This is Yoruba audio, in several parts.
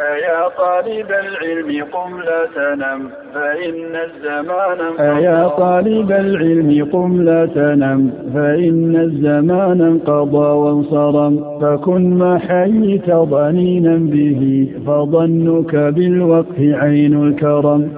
أيا طالب العلم قم لا تنم فإن الزمان أيا طالب العلم قم لا تنم فإن الزمان انقضى وانصرم فكن ما حييت ظنينا به فظنك بالوقت عين الكرم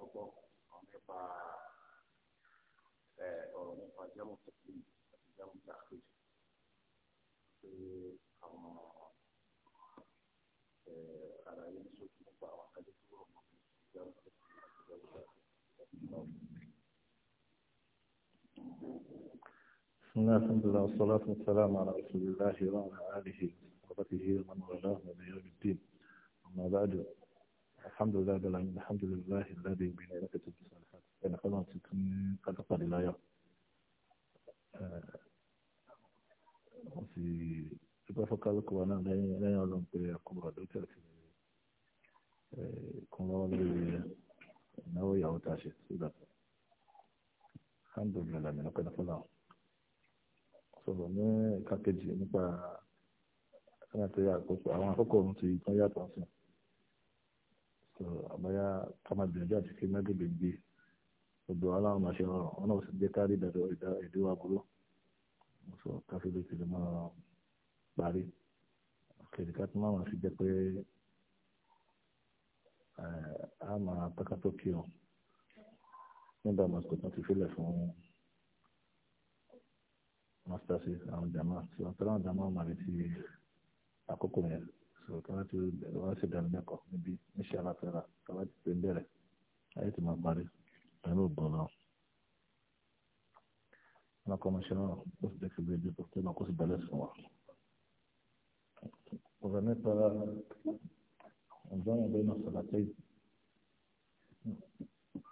púpọ̀ ọ̀rọ̀ nípa ọ̀rọ̀ nípa jẹ́mu tẹ̀sí àti jẹ́mu tàkì pé àwọn àlàyé ní sókè nípa àwọn akẹ́lẹ́ tó wọ̀ mọ́ jẹ́mu tẹ̀sí àti jẹ́mu tàkì. بسم الله الحمد لله والصلاة والسلام على رسول الله وعلى آله وصحبه ومن والاه من يوم الدين أما بعد alhamdulilayi dala yin alhamdulilayi ladi bi ni ẹlẹkẹtẹ bi sọ alifat ẹnì kan náà ti tún ní kátópàdé láyọ̀ eh, wọn sì dúpẹ́ fún kálukú wa náà lẹ́yìn lẹ́yìn ọlọ́run pé àkóbọ̀ dókítà ti eh, kún lọ́wọ́ lórí ìnáwó ìyàwó tá a ṣe sígbà tó alhamdulilayi lẹ́yìn ọpẹ́ fún náà sọ̀rọ̀ ní ìka kejì nípa ẹni àti àkókò àwọn àkókò ọ̀run ti tán yàtọ̀ sí i so àbáyá ká máa gbìyànjú àti kí mẹ́gbẹ̀gbẹ̀ gbé gbogbo aláwọn máa ṣe rọrùn wọn náà sì jẹ́ kárí ìdájọ́ ìdíwọ́ aburú so káfí ló ti lè máa parí kèdèkà tí máa fi jẹ́ pé eh, a máa pẹ́ká tó kí o nígbà mọ́tò tó ti fílẹ̀ fún masters àwọn jàmáà tí wọ́n tẹ́lẹ̀ àwọn jàmáà máa retí àkókò yẹn so tí wọ́n ti wọ́n ti dànù lẹ́kọ̀ọ́ níbi níṣẹ́ aláfẹ́ra tí wọ́n ti pè ń bẹ̀rẹ̀ ayé ti máa parí pẹ̀lú ògbọ́n náà. wọn kọ́ ọmọọṣẹ́ náà ó sì dẹ́kun gbé dúpọ̀ tó náà kó sì bẹ̀rẹ̀ sùn wá. ọ̀rọ̀ nípa ọ̀dọ́rùn bẹ́ẹ̀ náà sọ̀rọ̀ àtẹ́yìn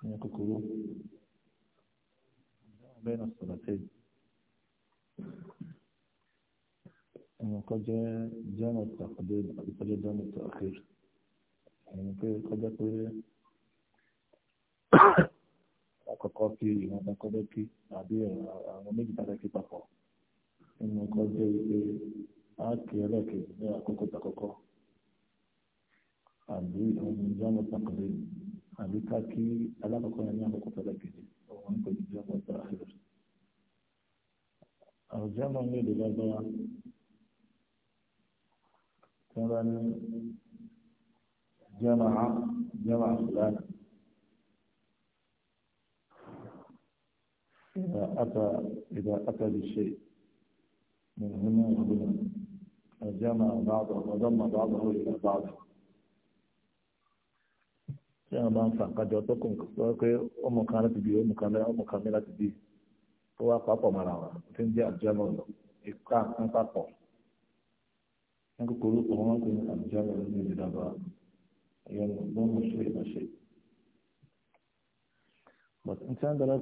ní kúkúrú bẹ́ẹ̀ náà sọ̀rọ̀ àtẹ́yìn ẹni kọjá jẹ́nà tàkùdé àti kọjá jẹ́nà tàkùdé ẹni pé kọjá pé àkọ́kọ́ kí ìwọ̀n kan kọjá kí àbí àwọn méjì bá kí papọ̀ ẹni kọjá wípé a kì í ẹlẹ́kẹ̀ẹ́ ní àkókò tàkọ́kọ́ àbí ìwọ̀n jẹ́nà tàkùdé àbí ká kí alákọ̀ọ́kọ́ yẹn ní àkókò tàkùdé òun kò ní jẹ́nà tàkùdé. àwùjọ máa ń lè dè lágbára. tí wọ́n bá ní إذا أتى إذا أتى بشيء من هنا وهنا وجمع بعضه وضم بعضه إلى بعض tí a máa ń fa àkájọ tó kùn sọ pé ọmọ kan láti bí هناك قلوب وممكن الجامع يعني مو شيء التقديم هذا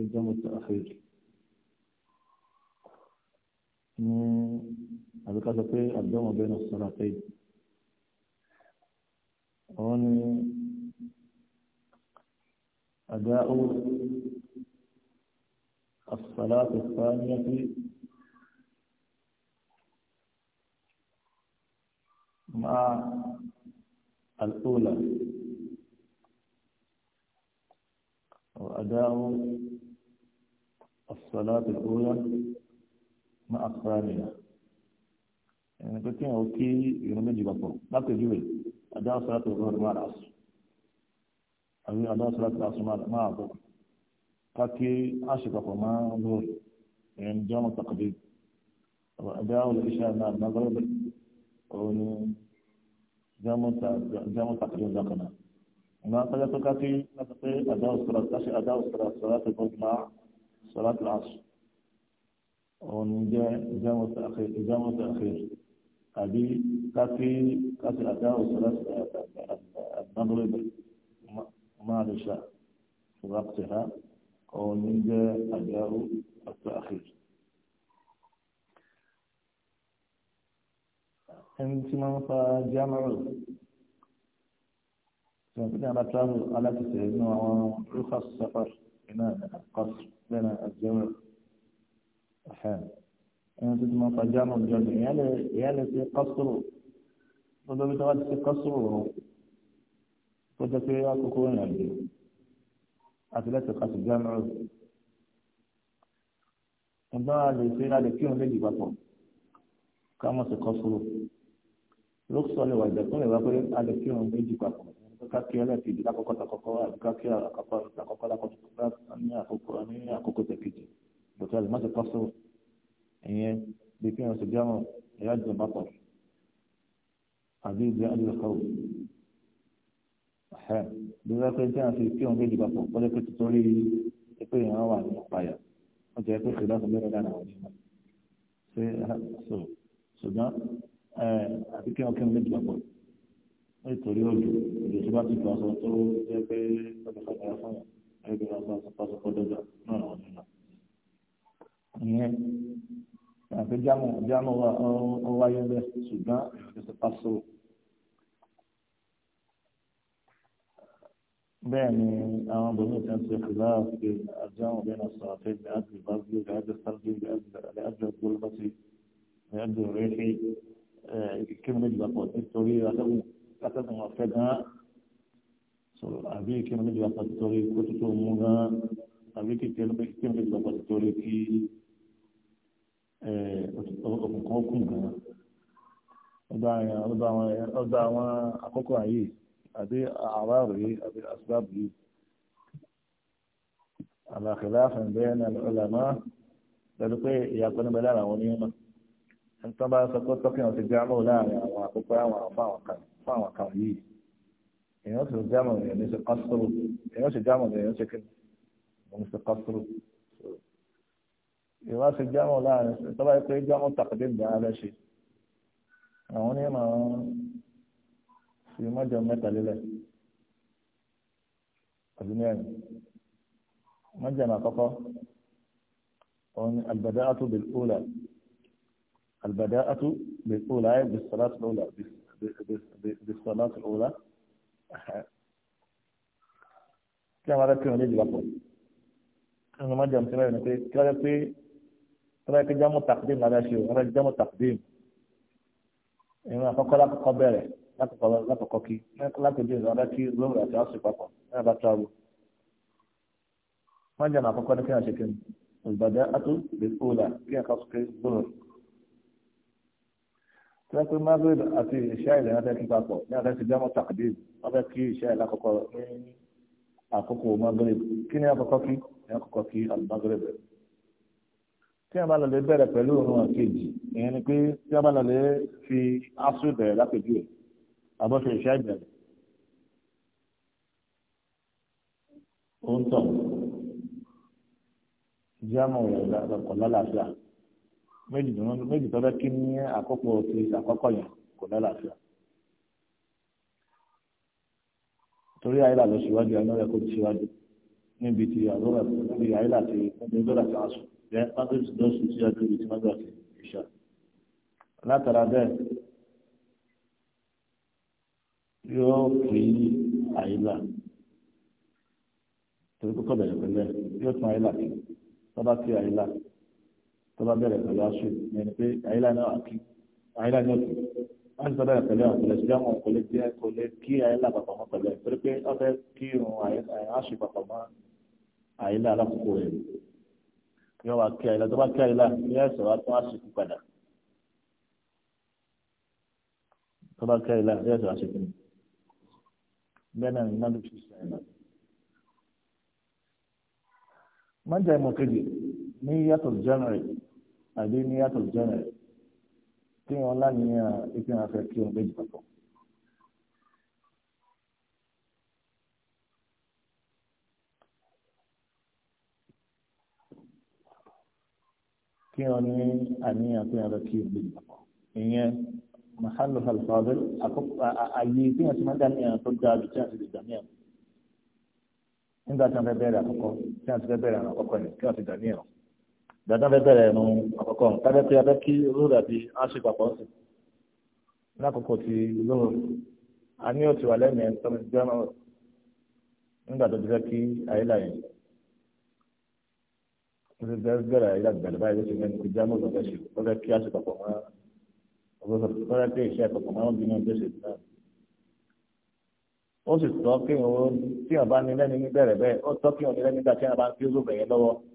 الجامعة التأخير هذا كذا في الجامع بين الصلاتين هون أداء الصلاة الثانية مع الأولى وأداء الصلاة الأولى مع الثانية يعني كنت أوكي يوم يجي بطل لا تجيب أداء صلاة الظهر مع العصر أو أداء صلاة العصر مع الظهر كاكي عاشق مع الظهر يعني جامع تقديم وأداء العشاء مع المغرب òun ni jámọ́ tàbí ọjọ́ kan náà. ìmọ̀ akọ́jọ́ tó ká sí láti pé àdá òṣèlú àti àdá òṣèlú àti sọ̀rọ̀ àti gbọ́dọ̀ sọ̀rọ̀ àti àṣù. òun ni jẹ́ jámọ́ tàbí àbí ká sí ká sí àdá òṣèlú àti àgbàgbọ́ máa lè ṣà fún àpẹẹrẹ òun jẹ́ àdá òṣèlú àti ẹni tí wọ́n ń fa jámọ́rò ìgbàgbọ́n náà bá travel aláṣẹṣẹ inú àwọn rúfà safar iná àkọsí lẹ́nu àjẹmọ́rò ẹni tí wọ́n ń fa jámọ́rò jọ̀dọ̀ ìyá lè ṣe kọ́sùrù gbogbo ibi tí wọ́n ti ṣe kọ́sùrù rò kó jẹ́ pé àkókò ìrìn àjò àti láti kọ́sù jámọ́rò ẹ̀gbọ́n a lè ṣe a lè kírun méjì papọ̀ ká mọ̀ sí kọ́sùrù. ló sọ ní wàjà tó ìwà pé a lè kí wọn méjì papọ̀ ká kí ẹlẹ́ẹ̀kì ìdí lákọ́kọ́ takọ́kọ́ àbí ká kí àkọ́kọ́ takọ́kọ́ lákọ́kọ́ ní àkókò ní àkókò tẹ̀kejì bùtú àlè má ti kọ́ sọ ìyẹn bí kí wọn sì jámọ̀ ìyá jẹ bàpọ̀ àbí ìdí àdìrẹ́kọ̀ ẹ̀hẹ́ bí wọ́n pẹ́ tí wọ́n fi kí wọn méjì papọ̀ kọ́lé pé títorí pé ìran wà ní ìpayà wọ́n jẹ́ pé kìlá fún mẹ́rin lánàá wọn ṣùgbọ́n àti kí wọn kí wọn méjì papọ̀ nítorí òjò òjò tó bá ti fà sọ tó jẹ́ pé ọjọ́ fàgbára fún yàn ẹgbẹ́ wọn bá sọ pàṣẹ pọ̀ dọ́gba náà làwọn nílò. ìyẹn àti jámù jámù wa ọ wáyé bẹ́ẹ̀ ṣùgbọ́n èèyàn ti pàṣọ. bẹ́ẹ̀ ni àwọn bòmí ti ń ṣe ìfìlà àti àjáwọn bẹ́ẹ̀ náà sọ̀rọ̀ pé bí a ti bá gbé bí a ti sáré bí a ti àjọ gbólóbá ti bí a ti rí ìkírun méjì papọ̀ nítorí atẹ́gùn atẹ́gùn ọ̀fẹ́ gan-an sọ̀rọ̀ àbí ìkírun méjì papọ̀ nítorí kó tó tó mú gan-an àbí ìkírun méjì papọ̀ nítorí kí òkùnkùn kùn gan-an ọba àwọn àkókò ayé àbí àwárò yìí àbí asbábù yìí àlàkìlá fẹ̀ bẹ́ẹ̀ ní alẹ́ ọ̀làmọ́ pẹ̀lú pé ìyàpẹ́ níbẹ̀ lára àwọn onímọ̀. ẹnitọ́ bá sọ pé tọ́kìnà ti jámọ̀ láàrin àwọn àkókò àwọn fún àwọn kan yìí èèyàn sì jámọ̀ èèyàn ní ṣe kọ́sùrù èèyàn sì jámọ̀ èèyàn ṣe kí ni ṣe kọ́sùrù ìwà sì jámọ̀ láàrin ẹnitọ́ bá yẹ pé jámọ̀ tàkàdé ìgbà alẹ́ ṣe àwọn onímọ̀ fi mọ́jọ mẹ́tàlélẹ̀ àti mẹ́rin mọ́jọ àkọ́kọ́ òun ni àgbàdo àtúbìlì البداءة بالأولى بالصلاة الأولى بالصلاة الأولى كما ذكرت من يجب أقول أنا ما جمعت بين أنك كذا في ترى كجمع تقديم هذا شيء هذا جمع تقديم إما فقط لا تقبله لا تقبل لا تقوكي لا تجوز هذا كي لولا تعصب أقوى أنا بتعبه ما جمع فقط كنا شكل البداءة بالأولى كنا خاص كي ظهر tẹ́ pé magreth àti ìṣá ilẹ̀ náà fẹ́ kí papọ̀ ní àfẹ́ ti dámọ̀ tàbí wọ́n fẹ́ kí ìṣá ilẹ̀ àkọ́kọ́ ní àkókò magreth kí ni àkọ́kọ́ kí ni àkọ́kọ́ kí al-magreth tí wọ́n bá lọ lè bẹ̀rẹ̀ pẹ̀lú òun àkejì ìyẹn ni pé tí a bá lọ lè fi asú bẹ̀rẹ̀ lápẹ̀jú ẹ̀ àbọ̀fẹ̀ ìṣá ìbẹ̀rẹ̀ òun tọ̀ jámọ̀ rẹ̀ lọ́kọ̀ lálàáfíà méjì tó méjì tó fẹ́ kí ní àkókò ti àkọ́kọ́ yẹn kò lálàáfíà torí àyílà lọ síwájú ẹni ọ̀rẹ́ kò síwájú níbi ti àlọ́rà níbi àyílà ti níbi lọ́rà ti àṣù bẹ́ẹ̀ pàtẹ́sì lọ sí síwájú ibi tí wọ́n gbà ti ìṣà látara bẹ́ẹ̀ yóò kí àyílà torí kókó bẹ̀rẹ̀ pẹ̀lẹ́ yóò tún àyílà kí tọ́ba kí àyílà kí tó bá bẹ̀rẹ̀ pẹ̀lú aṣọ ìyẹn pé àyílá náà kí àyílá náà kí wọ́n ti sọ bẹ̀rẹ̀ pẹ̀lú àwọn ìlẹ̀sí àwọn kò lè jẹ́ kò lè kí àyílá papọ̀ mọ́ pẹ̀lú ẹ̀ torí pé wọ́n fẹ́ kí irun aṣọ papọ̀ mọ́ àyílá alákòókò rẹ̀ yọ wá kí àyílá tó bá kí àyílá yẹ ẹsẹ̀ wá tó aṣọ kú padà tó bá kí àyílá yẹ ẹsẹ̀ wá ṣe kú bẹ́ẹ̀ náà ní ló fi ṣe àyílá. mọ́jà ìmọ̀ kejì ní yàtọ̀ jẹ́nẹrẹ̀ àbí ní yàtọ̀ jẹ́rẹ̀ kí wọn lánìyàn ipe wọn fẹ́ kí wọn méjì papọ̀. kí wọn ní àníyàn pé wọn fẹ́ kí wọn méjì papọ̀. ìyẹn mahalu alfadil àyè tí wọn ti máa ń dánìyàn tó dáa ju tí wọn ti lè dánìyàn nígbà tí wọn fẹ́ bẹ̀rẹ̀ àkọ́kọ́ tí wọn ti fẹ́ bẹ̀rẹ̀ àkọ́kọ́ yẹn kí wọn ti dánìyàn gbàdán fẹ́ bẹ̀rẹ̀ ẹnu àkọ́kọ́ tábẹ́ pé abẹ́ kí olóòrò àti aṣọ papọ̀ sí lákòókò ti olóòrò a ní òtí wà lẹ́nu ẹ̀ tọ́mọ ti gbẹ́mọ̀ nígbà tó ti fẹ́ kí àyílà yẹn tó ti fẹ́ bẹ̀rẹ̀ àyílà gbẹ̀rẹ̀ báyìí ló ti mẹ́nu ti gbẹ́mọ̀ lọ́fẹ́ ṣe tó fẹ́ kí aṣọ papọ̀ mọ́ ọgbọ́n tó fẹ́ pé iṣẹ́ papọ̀ mọ́ bí wọ́n gbèsè náà ó sì tọ́ kí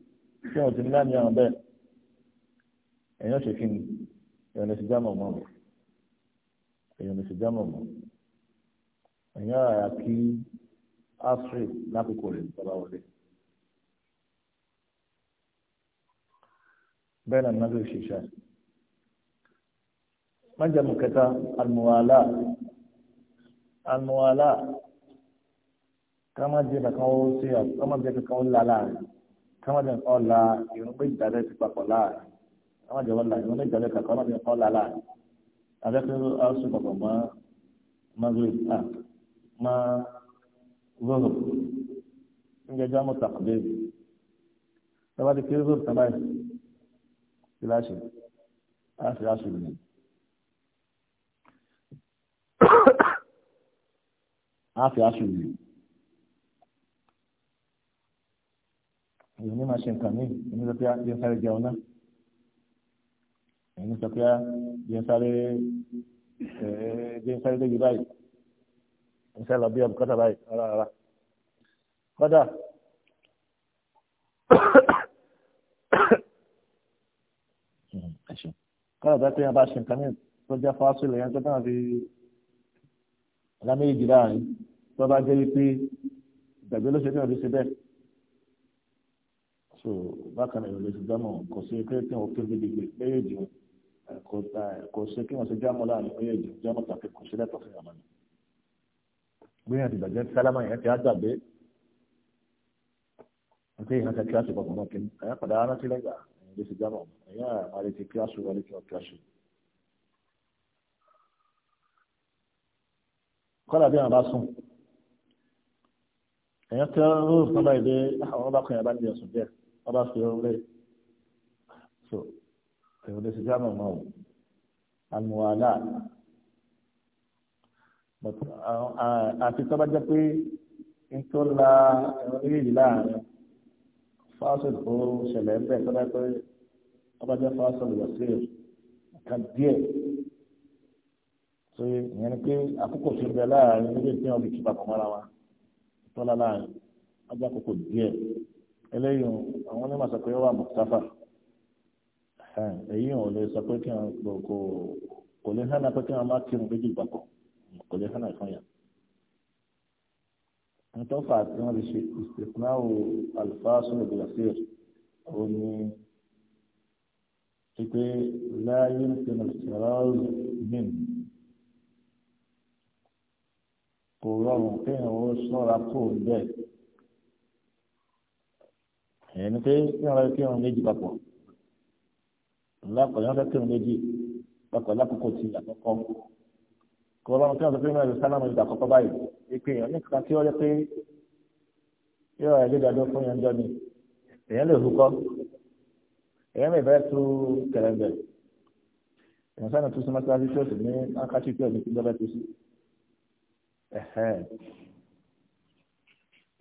tí wọn ti ní láàmì àwọn bẹ́ẹ̀ èèyàn ṣe kí ni èèyàn lè ṣe jámọ̀ mọ́ èèyàn lè ṣe jámọ̀ mọ́ èèyàn àyà kí asri lákòókò rẹ̀ tọ́lá wọlé. bẹ́ẹ̀ náà nàbẹ̀ òṣìṣẹ́ májàmú kẹta almuwala almuwala ká má jẹ́ kankan ó ṣe ká má jẹ́ kankan ó lálàá rẹ̀ káwọn jẹ nǹkan ọ̀la irun pé ìdálẹ́ ti papọ̀ láàrin káwọn jẹ ọ̀la irun pé ìdálẹ́ kàkọ́ náà ti nǹkan ọ̀la láàrin abẹ́pẹ́ ọ̀sùn papọ̀ mọ́ magreth ah mọ́ zoho oúnjẹ jẹ́ àmọ́ tàkùdé tọ́ba ti kéré zoho tàbá yìí ti láṣẹ láṣẹ láṣẹ ìlú. a fi aṣọ ìlú. èyí ní máa ṣe nǹkan míì èyí sọ pé yẹn ah, sáré jẹun náà èyí sọ pé yẹn ah, sáré yẹn eh, sáré débi báyìí yẹn sáré lọ bí ọbùkátà báyìí rárá rárá kódà kódà bá pé yẹn bá ṣe nǹkan míì tó jẹ́ fásitì yẹn tó náà fi ọ̀la méjì láàrin tó bá jẹ́ wípé ìgbàgbé ló ṣe ní ọdún sí bẹ́ẹ̀ so bákan náà ìrọ̀lẹ́ ti dámọ̀ kò sí pé kí wọ́n kí níbi gbé méjèèjì kò sí kí wọ́n ṣe jámọ̀ láàrin méjèèjì jámọ̀ tàbí kò sí lẹ́tọ̀ fún ìyàmọ̀ ni. gbéyàn ti gbàgbé sálámà yẹn ti á gbàgbé nítorí ìhàn ti kíláàsì bọ̀ mọ́ kíní ẹ̀yà padà á rántí lẹ́gbàá ìrọ̀lẹ́ ti dámọ̀ ẹ̀yà àmàlẹ́ ti kíláàsì wọlé kí wọ́n kíláàsì. kọ́lá bí àwọn bá sùn ẹ̀yà kí wọ́n ọba fi ọrùn lẹ so ẹ̀rọ lè ṣe jáàmù ọmọ o àmúwàlà uh, àti tọ́ba jẹ́ pé ntọ́la ẹ̀rọ yìí láàrin fásil kó ṣẹlẹ̀ ń bẹ̀ tọ́ba pé ọba jẹ́ fásil wọ̀ sí ẹ̀ka díẹ̀ so ìyẹn ni pé àkókò tí ń bẹ láàrin méjèèjì náà lè kí papọ̀ mọ́ra wa tọ́la láàrin ọjọ́ àkókò díẹ̀ eléyìí àwọn onímọ̀ sọ pé ó wà mọ̀tàfà èyí ò lè sọ pé kí wọn kò kò lè hànà pé kí wọn má kírun méjì gbàpọ̀ kò lè hànà fún yà. ntọ́fà tí wọ́n lè ṣe ìsìnkúnáwó alifásùn ìgbàsír ó ní pípé láyé ń pinnu ìṣẹ̀ráàlù mìn kò rọrùn kéèyàn ó ṣọ́ra kó bẹ́ẹ̀ ẹni pé kí wọn fẹ́ kí wọn méjì papọ̀ lápọ̀ yẹn wọn fẹ́ kí wọn méjì papọ̀ lákòókò tí àkọ́kọ́ kọ́ lọ́wọ́ kí wọn fẹ́ kí wọn sálámù ìgbà àkọ́kọ́ báyìí ìpè yẹn nípa kí wọ́n lé pé yóò ẹ̀ dídàdó fún yẹn jọ ni èyàn lè hukọ́ èyàn lè fẹ́ tu kẹlẹ́bẹ̀ èyàn sáà ní tu sí mọ́tíláṣí tí ó sì ní ákàtì tí ò ní kí lọ́bẹ̀ tu sí ẹ̀hẹ́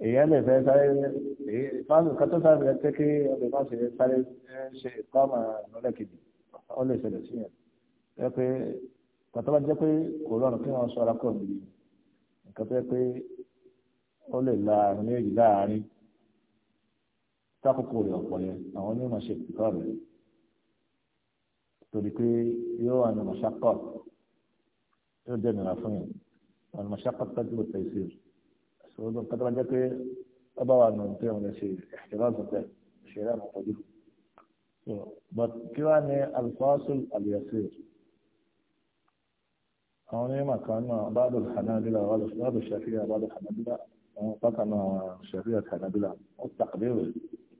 èèyàn lè fẹ́ sáré fáwọn kan tó sáré rẹ pé kí ọbẹ̀ má ṣe sáré ṣe ìpamọ́ lọ́lẹ̀ kejì ó lè ṣẹlẹ̀ sí yẹn ẹ pé nǹkan tó bá jẹ́ pé kò rọrùn kí wọ́n ṣọ́ra kọ̀ níbi nǹkan tó yẹ pé ó lè la àrùn méjì láàárín sákòókò rẹ̀ ọ̀pọ̀ yẹn àwọn onímọ̀ ṣe ìtọ́ rẹ̀ torí pé yóò wà ní mọ̀ṣákọ̀ yóò jẹ́ nira fún yẹn wà ní mọ̀ṣákọ̀ tẹ́jú òtẹ́ ìṣirò sọ̀rọ̀ nǹkan tó máa jẹ́ pé ọba wa nù pé òun lè ṣe ìṣèlọ́sọ̀ pẹ̀ ṣẹlẹ̀ àwọn ọ̀pọ̀jù. but kí wàá ní alfasul aliyasir àwọn onímọ̀ kan náà bàdù hanabila bàdù shafiya bàdù hanabila àwọn pàkà náà shafiya hanabila wọ́n ti tàkìdìrì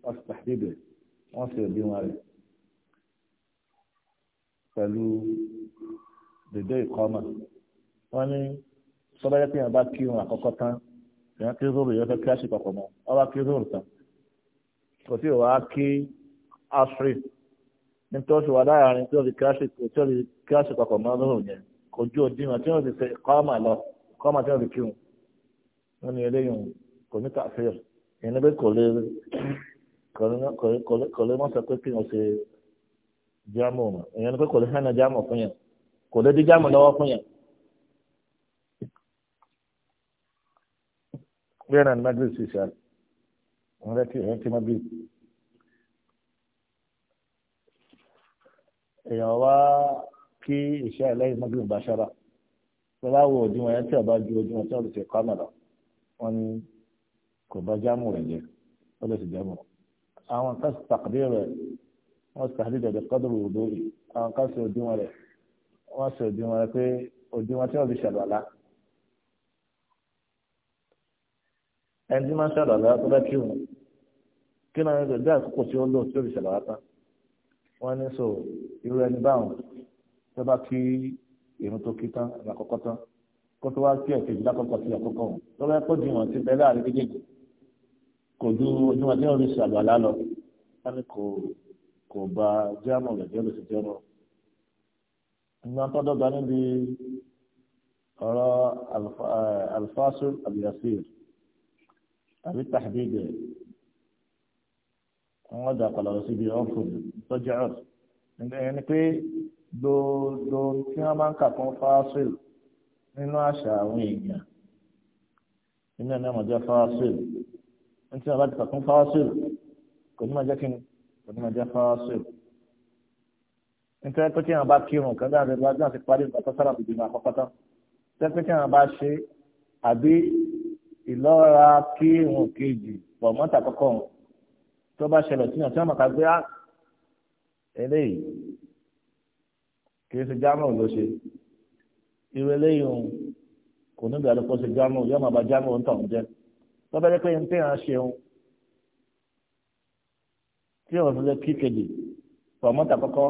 wọ́n ti wọ́n sì bí wọn rẹ̀ pẹ̀lú dédé ìkọ́mà wọ́n ní sọ́dọ̀ yẹ kí bá kí wọn àkọ́kọ́ tán ìyẹn kí zoro yẹn fẹ́ kí aṣọ papọ̀ mọ́ ọba kí zoro tán kò sí ìwà kí asri nítorí wà láàárín tí wọ́n fi kí aṣọ papọ̀ mọ́ yẹn kò ju òdiwọ̀n tí wọ́n fi ṣe kọ́ọ̀mà lọ kọ́ọ̀mà tí wọ́n fi kí wọn wọn ni eléyìí kò ní kàfíìr ìyẹn ni pé kò lè kò lè mọ́sọ̀ pé kí wọ́n ṣe jámù ìyẹn ni pé kò lè hẹ́nà jámù fún yẹn kò lè dí jámù lọ́wọ́ fún yẹn. bẹ́ẹ̀rẹ̀ magreth ṣe ṣáà ìrántí ìrántí magreth. èèyàn wá kí ìṣe àìlẹ́yìn magreth bá ṣára lọ́la wo òdiwọ̀n yẹn tí ọba ju òdiwọ̀n tí ọ̀rọ̀ ṣe kọ́ àmàlà wọn ni kò bá jámù rẹ̀ jẹ́ ó lè sì jámù. àwọn kan sì pàkàdé rẹ̀ wọ́n sì pàkàdé dẹ̀dẹ̀ kọ́dùrù òdòdì àwọn kan sì òdiwọ̀n rẹ̀ wọ́n sì òdiwọ̀n rẹ̀ pé òdiwọ̀n tí ọ̀rọ̀ ṣe àlọ́ ẹni tí máa ń ṣàlàyé tó bá kí wọn kí náà ń gbé àkókò tí ó lò tí ó fi ṣàlàyé tán wọn ní so irú ẹni báwọn tó bá kí irun tó kí tán àkọ́kọ́ tán kó tó wá kí ẹ̀kejì lákọ̀ọ́kọ́ sí àkọ́kọ́ wọn tó bá kó jùmọ̀ sí bẹ́ẹ̀ láàrin méjèèjì kò ju ojúmọ̀ tí wọ́n fi ṣàlàyé lọ wọn ni kò kò bá jámọ̀ rẹ̀ jẹ́ lóṣù jẹ́rọ̀ ìgbà tó dọ́gba níbi ọ̀rọ̀ alfasul abiyasir àbí tàbídì rẹ̀ wọ́n dà padà lọ síbi ọ̀fun tọ́jú ọ̀rọ̀ ìgbẹ́yẹn ni pé gbogbo tí wọ́n máa ń kà fún fásil nínú àṣà àwọn èèyàn nínú ẹ̀mí ọmọdé fásil ní tí wọ́n bá ti kà fún fásil kò ní máa jẹ́ kí ni kò ní máa jẹ́ fásil nítorí pé tí wọn bá kírun kan dáhùn ẹgbẹ́ ti parí ìgbà tó sára bìbí máa kọ́kọ́ nítorí pé tí wọn bá ṣe àbí ìlọ́ra kírun kejì pọ̀ mọ́tà kọ́kọ́ tó bá ṣẹlẹ̀ tí yàn tí wọ́n mọ̀ gbé á ah, eléyìí kìí ṣe jámọ̀ ló ṣe irú eléyìí òun kò níbi àdókò ṣe jámọ̀ yóò máa ba jámọ̀ ń jẹ́ tó bá jẹ́ pé ní ṣe òun tí yàn fi lè kí kejì pọ̀ mọ́tà kọ́kọ́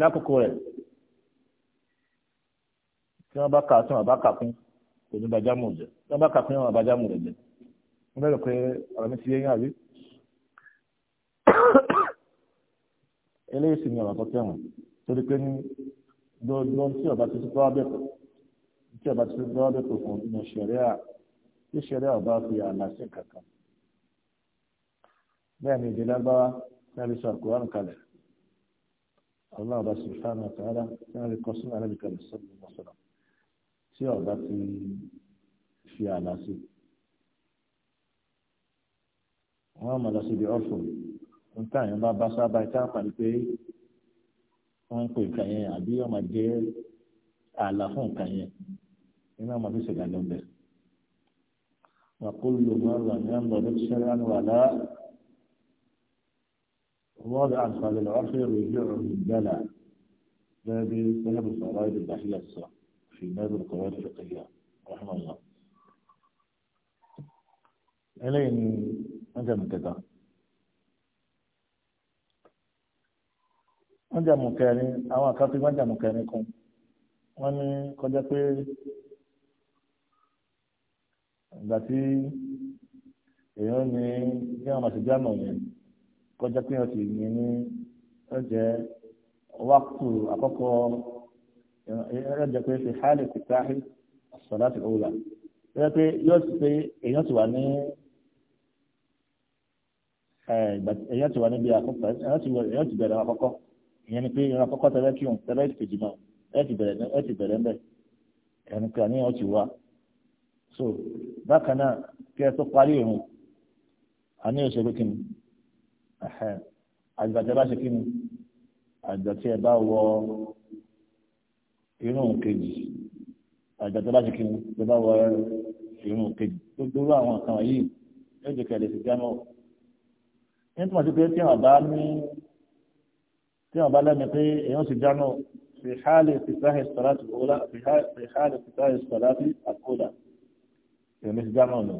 lákòókò rẹ̀ tí wọ́n bá kà tí wọ́n bá kà kún kò ní bajámù jẹ lọ́ba kàkún yẹn wọn bajámù rẹ jẹ wọ́n bẹ̀rẹ̀ pé ọ̀rọ̀ mi ti yé yín àbí. eléyìí sì ni ọ̀rọ̀ tó tẹ̀wọ̀n torí pé ní gbogbo tí ọba ti tó abẹ́kọ̀ tí ọba ti tó abẹ́kọ̀ fún ní ṣẹ̀ríà tí ṣẹ̀ríà ọba fi àlàsì kankan. bẹ́ẹ̀ ni ìdílé agbára sáré sọ àkùrán kalẹ̀ ọlọ́ọ̀bá sì fáwọn àtàrà sáré kọ sínú àlẹ́ tí ọba ti fi àlà sí wọn mọ lọ síbi ọfọ ń tà yẹn bá bá sábà ìta pàdé pé wọn ń pè nǹkan yẹn àbí wọn máa jẹ àlà fún nǹkan yẹn nínú àwọn ọmọdé ṣẹlẹ̀ lọ bẹ wà kó lò wọn wà ní ọmọ ọdún ṣẹlẹ̀ wọn wà lá wọn bẹ àǹfààní lọ ọfẹ rẹ yóò rìn gbẹlà bẹ́ẹ̀ bí sẹlẹbù sọ̀rọ̀ ìdìbò àṣìyà sọ. في باب القواعد الفقهية رحمه الله eléyìí ni ọjàmù kẹta ọjàmù kẹrin àwọn àkàtú ọjàmù wọ́n kọjá pé ìgbà tí èèyàn ní ẹ̀rọ̀jọ pé fi hálẹ̀ ti káhí sọ̀láṣì ọ̀la ẹ̀rọ pé yóò ti pé èèyàn ti wà ní èèyàn ti wà níbi àkọ́kọ́ èèyàn ti bẹ̀rẹ̀ àkọ́kọ́ ìyẹn ni pé ìran àkọ́kọ́ tẹ́lẹ̀ kí òun tẹ́lẹ̀ kejì náà ẹ̀ ti bẹ̀rẹ̀ ẹ̀ ti bẹ̀rẹ̀ ńbẹ̀ ẹ̀rọ pé àníyàn ti wá so bákan náà kí ẹ tó parí òun àníyàn ṣe pé kí ni àgbàjọba ṣe kí ni àgbàjọ irun kejì àjà tó bá ṣe kiri tó bá wọ irun kejì gbogbo àwọn nǹkan yìí yóò jẹ́ kẹ́lẹ́ sí jámọ́ ní tí wọ́n ti pé tí wọ́n bá ní tí wọ́n bá lẹ́nu pé èèyàn sì jámọ́ fi hálẹ̀ fi sáhẹ̀ sọ̀láàtì ọ̀la fi hálẹ̀ fi sáhẹ̀ sọ̀láàtì àkọ́dà èèyàn sì jámọ́ nù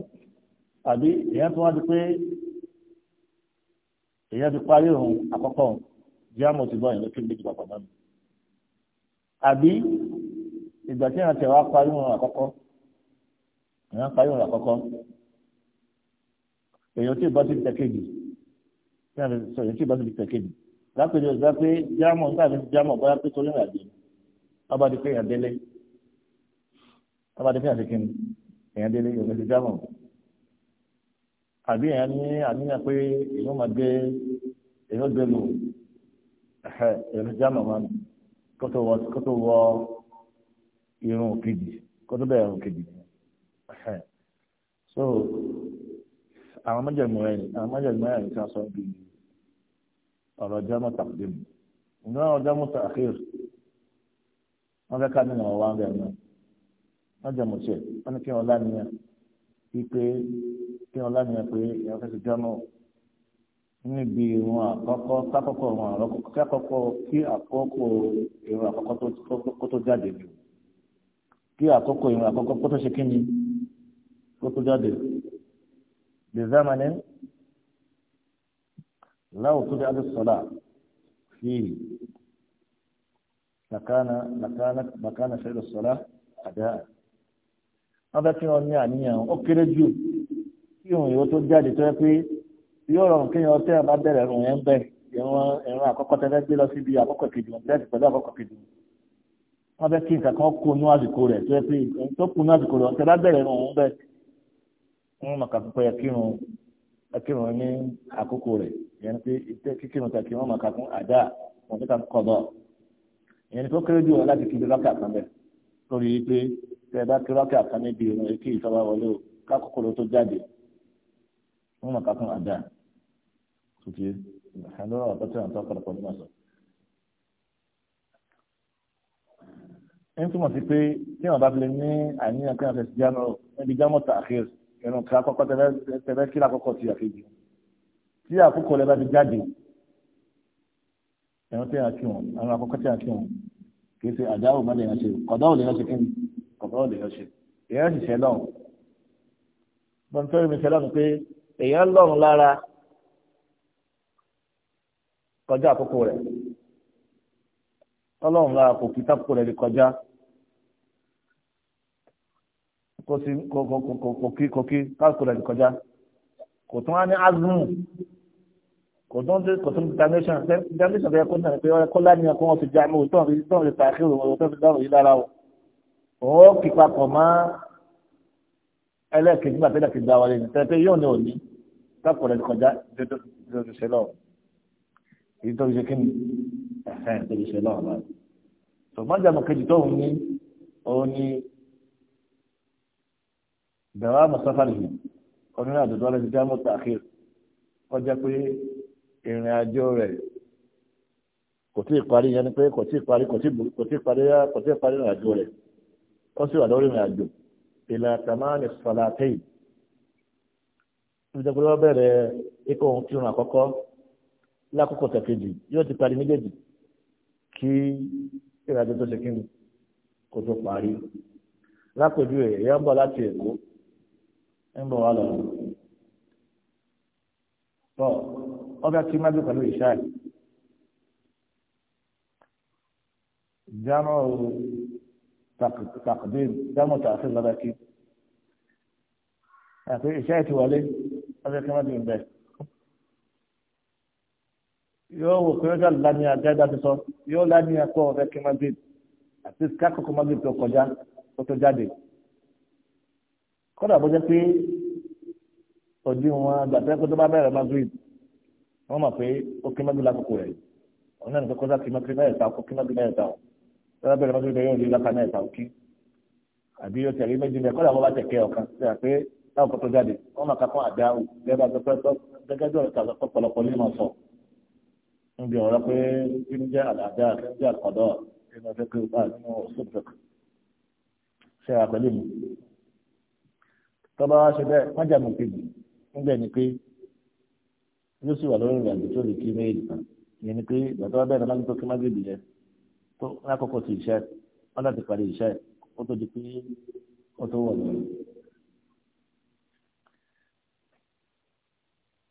àbí èèyàn tó wá di pé èèyàn ti parí òun àkọ́kọ́ jámọ́ ti bọ́ ìlú kí n bí jù papọ̀ náà àbí ìgbà tí wọn tẹ̀ wá parí wọn àkọ́kọ́ wọn parí wọn àkọ́kọ́ èyàn tí ìbọn ti tẹ̀ kejì èyàn tí ìbọn ti tẹ̀ kejì lápẹjọ ìgbà pé jámọ̀ nígbà tí jámọ̀ bóyá pé torí ìrìn àjò ọba di pé èèyàn délé ọba di pé àti kìnnì èèyàn délé èèyàn ti jámọ̀ àbí èèyàn ní àníyàn pé èèyàn máa dé èèyàn dé lò èèyàn ti jámọ̀ máa nù kótó wọ kótó wọ irun kejì kótó bẹ́ẹ̀ irun kejì so àwọn mọ́jọ̀gbọ́n ẹ̀ àwọn mọ́jọ̀gbọ́n ẹ̀ nìkan sọ bí ọ̀rọ̀ jámọ́ tàkùdìm ǹjẹ́ ọ̀rọ̀ jámọ́ tàkìr wọ́n fẹ́ ká nínú ọ̀wá ń bẹ̀rẹ̀ náà mọ́jọ̀gbọ́n tiẹ̀ wọ́n ní kí wọ́n lánìyàn pé kí wọ́n lánìyàn pé ìyàwó fẹ́ ti níbi ìrun àkọ́kọ́ kákọ́kọ́ ìrun àkọ́kọ́ kákọ́kọ́ kí àkọ́kọ́ ìrun àkọ́kọ́ kó tó jáde ni kí àkọ́kọ́ ìrun àkọ́kọ́ kó tó ṣe kí ni kó tó jáde lè zámanì láwù tó dé adúsọ́lá fíì lakana lakana lakana ṣẹlẹ̀ sọ́lá àdáà wọ́n fẹ́ kí wọ́n ní àníyàn ó kéré jù kí òun ìwọ́ tó jáde tó yẹ pé yóò rọrùn kí yẹn tẹ́ ẹ bá bẹ̀rẹ̀ ẹ̀rùn yẹn bẹ̀ ẹ̀rùn àkọ́kọ́ tẹ́lẹ̀ gbé lọ síbi àkọ́kọ́ kejì wọn bẹ́ẹ̀ pẹ̀lú àkọ́kọ́ kejì wọn fẹ́ kí nǹkan kan kó nú àsìkò rẹ̀ tó yẹ pé tó kú nú àsìkò rẹ̀ ọ̀tẹ́ bá bẹ̀rẹ̀ ẹ̀rùn òun bẹ̀ ń màkà pípẹ́ yẹ kírun ẹkírun ní àkókò rẹ̀ ìyẹn ni pé ìtẹ́ kíkírun tàkì wọn màkà fún àdá wọn fẹ́ ká kọ̀ bọ̀ ìyẹn ni tó kéré jù wọn láti kí lọ́kà kan bẹ̀ lórí pé tẹ́ ẹ bá kí lọ́kà kan níbi ìrún èké ìtọ́wá wọlé o kákòkòrò kuti hanura wa pata na tọkọrọ pẹ̀lú màsọ. ẹni túmọ̀ sí pé tí wọn bá fi lè ní àníyàn kí wọn fẹsẹ̀ jámọ́ níbi jámọ́ ta àkíyèr ẹnu kí akọ́kọ́ tẹ́fẹ́ kí lákọ́kọ́ ti àkejì tí àkókò lẹ́ bá fi jáde ẹnu tí wọn kí wọn ẹnu àkọ́kọ́ tí wọn kí wọn kì í ṣe àdáwò má lè yàn ṣe kọ̀dáwò lè yàn ṣe kí ni kọ̀dáwò lè yàn ṣe èèyàn sì ṣẹlọ́ọ̀ bọ́n tó rí mi ṣẹlọ́ọ̀ pé èèyàn kọjá àkókò rẹ̀ ọlọ́run lára kò kí tákò rẹ̀ lè kọjá kò sí kò kò kò kò kí kò kí tákò rẹ̀ lè kọjá kò tún á ní azumu kò tún dé kò tún determination determination bẹ́ẹ̀ kó náà pé ọ̀rẹ́ kó láníyàn kó wọ́n fi já mọ́ òótọ́ àti tọ́ àti tàkì òwò tó fi dáhùn yìí lára o òun ó kí papọ̀ mọ́ ẹlẹ́ẹ̀kejì gbàtẹ́lẹ̀ kejì dáwọlé ní tẹ́tẹ́ yóò ní òní tákò rẹ̀ lè kọjá tó tó tó ṣe lọ́wọ́ èyí tó ń ṣe kíni ẹ̀fẹ́ tó ń ṣe lọ́wọ́ báyìí ṣùgbọ́n jàmọ̀ kejì tó ń ní òun ní bẹ̀rẹ̀ àmọ̀sáfàlì yìí onírìn àjò tó wà lẹ́sìn jámọ́ tàkìr kọjá pé ìrìn àjò rẹ̀ kò tí ì parí yẹn ni pé kò tí ì parí kò tí ì parí kò tí ì parí ìrìn àjò rẹ̀ ó sì wà lórí ìrìn àjò ìlà tàmáàlì sọ̀làtẹ́yì. ìjọba bẹ̀rẹ̀ ikọ̀ lákòókò tẹ̀kejì yóò ti parí méjèèjì kí ìrìnàjò tó ṣe kí ni kò tó parí lápèjú ẹ̀ ẹ̀yà ń bọ̀ láti èkó ń bọ̀ wá lọ. tọ́ ọgá tí má bí pẹ̀lú ìṣáì jámọ́ tàkùdé jámọ́ tààfin lọ́dọ̀ kí àti ìṣáì ti wọlé ọjọ́ kí má bí ń bẹ́ẹ̀ yóò wò pé ó jà lánìí àjáde àtúntò yóò lánìí ẹ̀kọ́ ọ̀fẹ́ kí madrid àti kákòókò madrid tó kọjá ó tó jáde kódà bó jẹ́ pé òdi wọn gbàtẹ́ kó tó bá bẹ̀rẹ̀ madrid wọ́n mọ̀ pé ó kí madrid lákòókò rẹ̀ òun náà nìkan kó sá kí madrid náà ẹ̀ta kó kí madrid náà ẹ̀ta ó tó bẹ̀rẹ̀ madrid yóò lé lápá náà ẹ̀ta òkí àbí ó tẹ̀lé méjì mẹ́ kódà wọ́n bá tẹ̀kẹ́ ọ̀kan síra pé táwọn kó jáde wọ́n mọ̀ níbi ọ̀rọ̀ pé kí ní jẹ́ àlàáfíà kí ní jẹ́ àkọ́dọ̀ kí ní ọjọ́ pé bá nínú ọ̀ṣọ́bùtọ̀kù ṣe ara mi. tọ́ba wá ṣe bẹ́ẹ̀ má jàmù kejì níbẹ̀ ni pé yóò sì wà lórí ìrìnàjò tó lè kí méjì kan ìyẹn ni pé ìgbàdọ́ bẹ́ẹ̀ náà tó kí má gbèbì tó lákòókò ti iṣẹ́ wọ́n láti parí iṣẹ́ ó tó di pé ó tó wọ̀ lórí.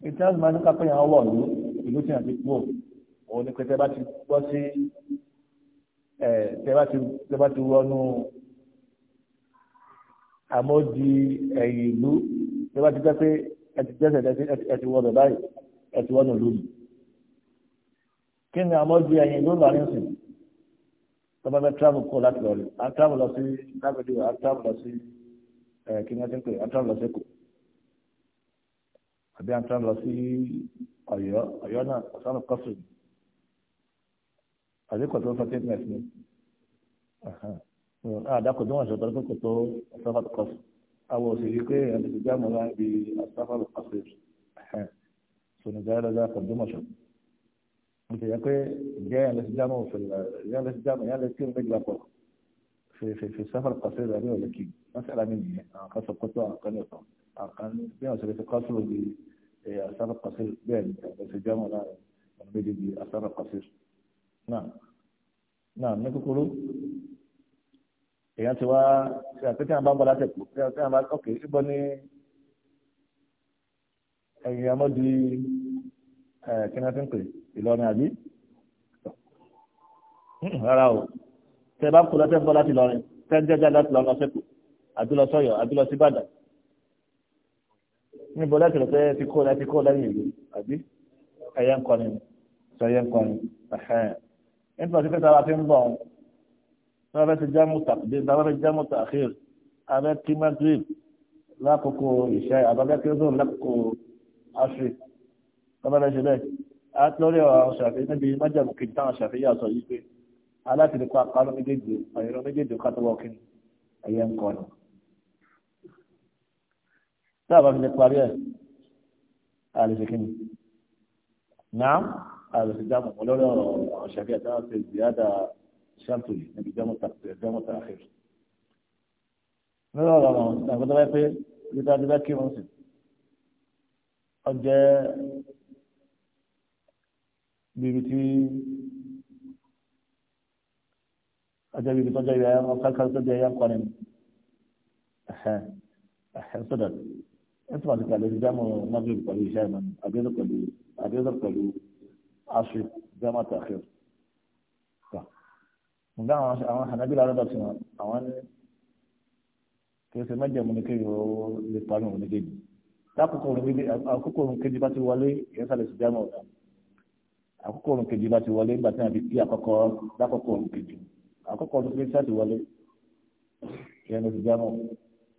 ìtàn máa ní kápẹ́yà ọwọ́ ìlú ìlú ti òun ni pé tẹ́ bá ti bọ́ sí tẹ́ bá ti tẹ́ bá ti wọnú àmódi ẹ̀yìn ìlú tẹ́ bá ti jẹ́ pé ẹ ti jẹ́sẹ̀ ẹ ti wọ́n bẹ̀ ẹ ti wọ́n lónìí. kí ni àmódi ẹ̀yìn ìlú lọ́rin sìn tọ́ba bẹ travel kó láti lọ rí a travel lọ sí lágbèdè a travel lọ sí kí ni wọ́n ti ń pè a travel lọ sí Èkó àbí a travel lọ sí Ọ̀yọ́ Ọ̀yọ́ náà ọ̀sán kọ́sùn àbí kò tó sọ statement ni àdàkọ̀ tí wọ́n ṣe tọ́lú kò tó asafal kọ́s àwọn òṣèlú pé ẹni tó jáàmù náà bí asafal kọ́s sọ̀nù jáàrá jáà kọ̀ dúmọ̀ ṣọ̀ nítorí pé ìjẹ́ ẹni tó jáàmù òṣèlú ẹni tó jáàmù ẹni tó méjìlá pọ̀ في في في السفر القصير هذه ولا كي مسألة مني قصر قطع أقل يطع أقل بين مسألة قصر وبي السفر القصير بين بس الجامعة لا بيجي السفر القصير náà náà ní kúkúrú èèyàn ti wá ṣe àpẹtẹ àwọn bá ń bọ látẹkù ṣe àpẹtẹ àwọn bá ọkẹ síbọ ní ẹ̀yìn amọdí ẹ kí ni wọn ti ń pè Ìlọrin àbí rárá o tẹ bá kú lọtẹ bọ láti lọrin tẹ jẹjẹ láti lọrin ọsẹkù àdúlọ sọyọ àdúlọ síbàdàn níbo láti lọ pé ti kó láti kó lẹ́yìn ìlú àbí ẹyẹ ń kọrin sọ ẹyẹ ń kọrin nípa sí pé tara fi ń bọ̀ ọ́n tí wọ́n fẹ́ ti jámù tàkìdé tí wọ́n fẹ́ jámù tàkìr abẹ́ kí magrib lákòókò ìṣẹ́ àbábẹ́ kí zoro lákòókò asri tọ́ba bẹ́ẹ̀ ṣe bẹ́ẹ̀ á lórí ọ̀rọ̀ ṣàfi níbi májàmù kìí táwọn ṣàfi yà sọ yìí pé aláti lè kọ́ àpárọ̀ méjèèjì ọ̀yọ́rọ̀ méjèèjì kátọ́wọ́ kí ni ẹ̀yẹ ń kọ́ ni. tá fi lè parí ẹ̀ a هذا في الجامع ولولا الشافعية ده في زيادة شامتولي نبي جامع جامعة تأخير لا لا لا أنا كنت بقى في لذا لذا كيف أنسى أجا بيبتي أجا بيبتي تجا يا أم خل خل تجا يا أم قانم أحا أحا صدق أنت ما تقول الجامع ما بيقول شيء من أبيض قلبي أبيض àṣì jama tàkìr tà nga àwọn àwọn hanabila alábà tí wọn àwọn ní kẹsẹ mẹjọ mu ní kéwì ó lè parí òun ní kéjì lákòókò òun kéjì àkókò òun kéjì bá ti wọlé ìyẹn sálẹ sí jama ọ̀dà àkókò òun kéjì bá ti wọlé nígbà tí wọn fi kí àkọ́kọ́ lákòókò òun kéjì àkókò òun kéjì sá ti wọlé ìyẹn lọ sí jama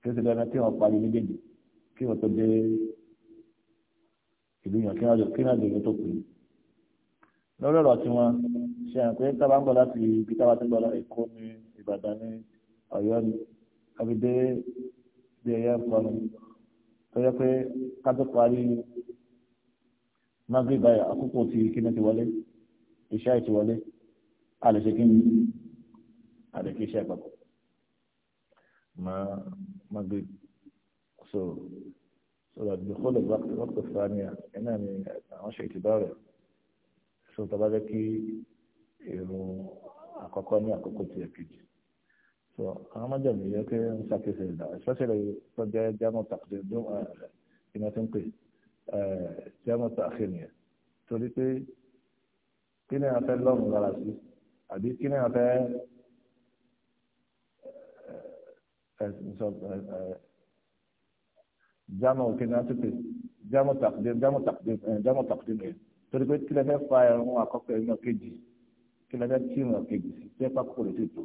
kẹsẹ lọ kí wọn parí ní kéjì kí wọn tó dé ìlú yàn kí wọn lórí ọ̀rọ̀ tiwọn ṣe hàn pé tábà ń gbọ́ láti ibi tábà ti ń gbọ́ Èkó ní Ìbàdàn ní Ọ̀yọ́ ní àbídé bí ẹ̀yẹ ń kọ́nu tó yẹ pé ká tó parí Maghrib báyìí àkókò tí kíni ti wọlé iṣẹ́ ti wọlé a lè ṣe kí ni a lè kí iṣẹ́ papọ̀ mọ́ Maghrib so so that the whole of the work of Fania ẹ̀ náà ni àwọn ṣe ìtìbá rẹ̀ so tó bá fẹ́ kí irun àkọ́kọ́ ní àkókò tí ẹ kejì so àwọn májàmú yẹ kí n ṣàkíyèsí ẹ̀dá especially tó jẹ́ jámọ̀ tàkìdé dùn ìmọ̀ tó ń pè eh, jámọ̀ tàkìdé nìyẹn torí pé kí ni a fẹ́ lọ́mù lára sí àbí kí ni a fẹ́ eh, eh, jámọ̀ kí ni a ti pè jámọ̀ tàkìdé jámọ̀ tàkìdé nìyẹn torí pé kí lẹ fẹ́ fa ẹ̀rùn àkọ́kọ́ ẹ̀rùn kejì kí lẹ fẹ́ tí ìrìn kejì sí tí ẹ pa kókò lè ti tó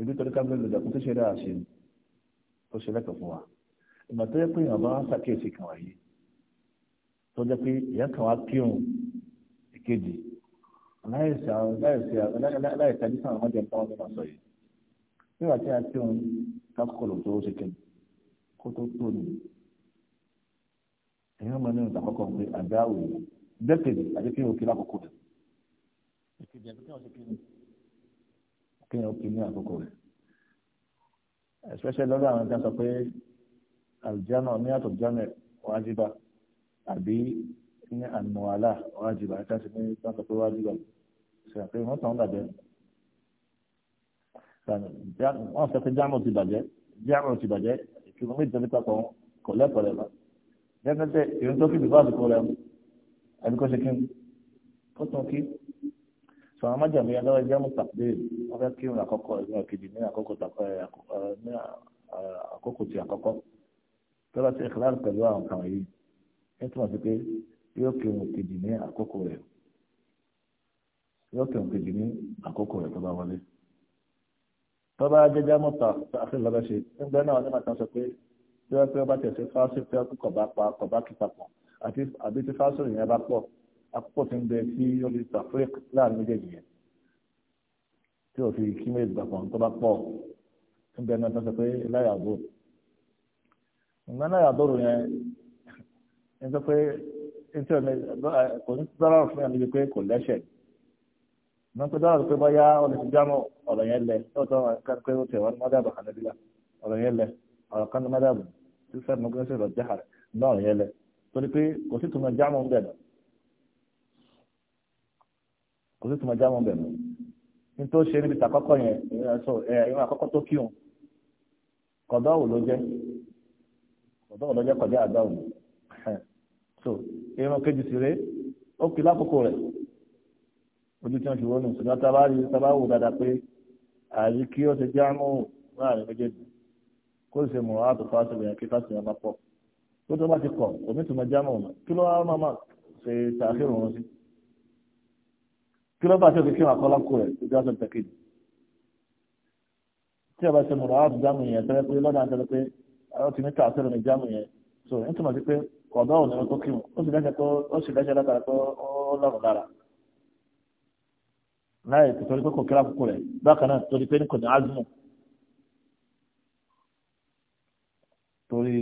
ìdí torí ká gbẹ́lẹ̀ lọ́dọ̀ kó tó ṣe dáa ṣe tó ṣe lẹ́tọ̀ fún wa ìgbà tó yẹ pé èèyàn bá ṣàkíyèsí kan wáyé tó jẹ́ pé ìyá kan wá kírun ìkejì láìsí àwọn láìsí àwọn láìsí àdísà àwọn ọmọdé sọ yìí nígbà tí a kírun ká kókò lè tó ṣe kẹ́ni èèyàn máa ní ọ̀dà kọ́kọ́ pé àdáwò dẹ́kẹ̀dì àdékè òkè lákòókò rẹ̀ èkejì àdékè òkè kí ni kí ni òkè ní àkókò rẹ̀ especially lọ́dọ̀ àwọn ẹ̀ka sọ pé àlùjáná ní àtọ̀ jáná wájibà àbí ní ànúwàlà wájibà ẹ̀ka sì ní ìtàn sọ pé wájibà ṣàpè wọ́n tàn bàjẹ́ wọ́n sọ pé jáàmù ti bàjẹ́ jáàmù ti bàjẹ́ ìkìlómítì nípa kan kò lẹ́kọ̀ọ́ lẹ́kọ̀ọ́ jẹ́kẹ́tẹ́ ìrìn tó kìbì bá àdìkò rẹ̀ àdìkò ṣe kí n kó tún kí sọ àwọn májàmí aláwọ̀ ẹgbẹ́ mùtàkùdé wọ́n fẹ́ kí òun àkọ́kọ́ ẹgbẹ́ kejì ní àkókò tí àkọ́kọ́ tó bá ti ìkìláàrù pẹ̀lú àwọn kan yìí ní túmọ̀ sí pé yóò kí òun kejì ní àkókò rẹ̀ yóò kí òun kejì ní àkókò rẹ̀ tó bá wọlé tó bá jẹ́jẹ́ mùtàkùdé àfihàn lọ́bẹ̀ ṣe nígbà náà wọ́n ní tí wọ́n pẹ́ bá tẹ̀sí fásitì tí wọ́n kọ̀ bá pa kọ̀ bá kí papọ̀ àti àbí tí fásitì yẹn bá pọ̀ àpò tí ń bẹ tí ó lè tàfúrẹ́k láàrin méjèèjì yẹn tí ò fi kí méjì papọ̀ tó bá pọ̀ tí ń bẹ náà tó sọ pé láyà bò ìgbà láyà bò yẹn ń sọ pé kò ní dára fún yàrá níbi pé kò lẹ́sẹ̀ ní pé dára pé bóyá ọ̀nà ti ọ̀rọ̀ yẹn lẹ̀ tó tọ́ pé ó tẹ̀ wọ́n mọ́dàbọ̀ kan níbí lá ọ̀rọ̀ yẹn lẹ̀ ọ̀rọ̀ kan ní mọ́dàbọ̀ tí sẹ́ni ọgbẹ́ sẹ́ni ọjà náà yẹn lẹ torí pé kò sí tuma jáàmù ń bẹ̀ nù kò sí tuma jáàmù ń bẹ̀ nù ní tó ṣe níbi tàkọ́kọ́ yẹn ìrìn àkọ́kọ́ tó kí òun kọ̀dọ́ òwò ló jẹ́ kọ̀dọ́ òwò ló jẹ́ kọjá àgbà òun so ìrìn kejì sí rèé ó kí lákòókò rẹ̀ ojú tí wọ́n ti wọ́n nù ṣùgbọ́n tá a bá rí tá a bá wò dáadáa pé àyíkí ó ti jáàmù láàrin méjèèjì kó ṣe mọ̀ àtò fásitì rẹ̀ kí fásitì rẹ̀ bá pọ̀ tó tó bá ti kọ̀ omi tó máa já mọ̀ ọ̀nà kí ló máa máa ṣe tààfin òun sí kí ló bá ṣe fi kí wọn àkọ́lá kó rẹ̀ tó já sọ tẹ̀kì tí a ṣe mọ̀ àtò jámù yẹn tẹ́lẹ̀ pé lọ́dà tẹ́lẹ̀ pé àwọn ti ní tààfin òun jámù yẹn so ní túmọ̀ sí pé kọ̀dọ̀ òun ni tó kí wọn ó sì lẹ́sẹ̀ tó ó sì lẹ́sẹ̀ látara tó ó lọ́rùn lára láì tó torí pé kò kíra torí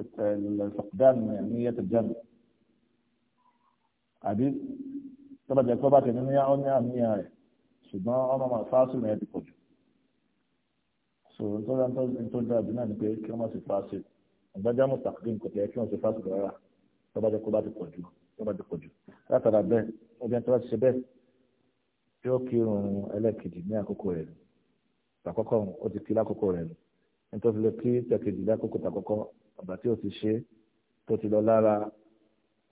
ìfọ̀dánù ní yẹtọ̀ jẹ́nu àbí tọ́lá jẹ́ kọ́bá tẹ̀lé ní ọ́n ní àníyàn rẹ̀ ṣùgbọ́n ọmọ ọmọ fásitì rẹ̀ ti pọ̀jù so nítorí nítorí dáàbí náà ni pé kí wọ́n sì fásitì ìgbàjá mú tàkìdí nǹkan tẹ̀ kí wọ́n sì fásitì rárá tọ́lá jẹ́ kọ́bá ti pọ̀jù tọ́lá ti pọ̀jù látara bẹ́ẹ̀ obìnrin tọ́lá ti ṣe bẹ́ẹ̀ yóò kírun ẹlẹ́ẹ̀kejì ní àkókò rẹ̀ lọ àkọ́kọ́ ó ti kí lákòókò rẹ̀ lọ nítorí lè kí tẹ̀kejì lákòókò tàkọ́kọ́ ọ̀bà tí ò ti ṣe tó ti lọ lára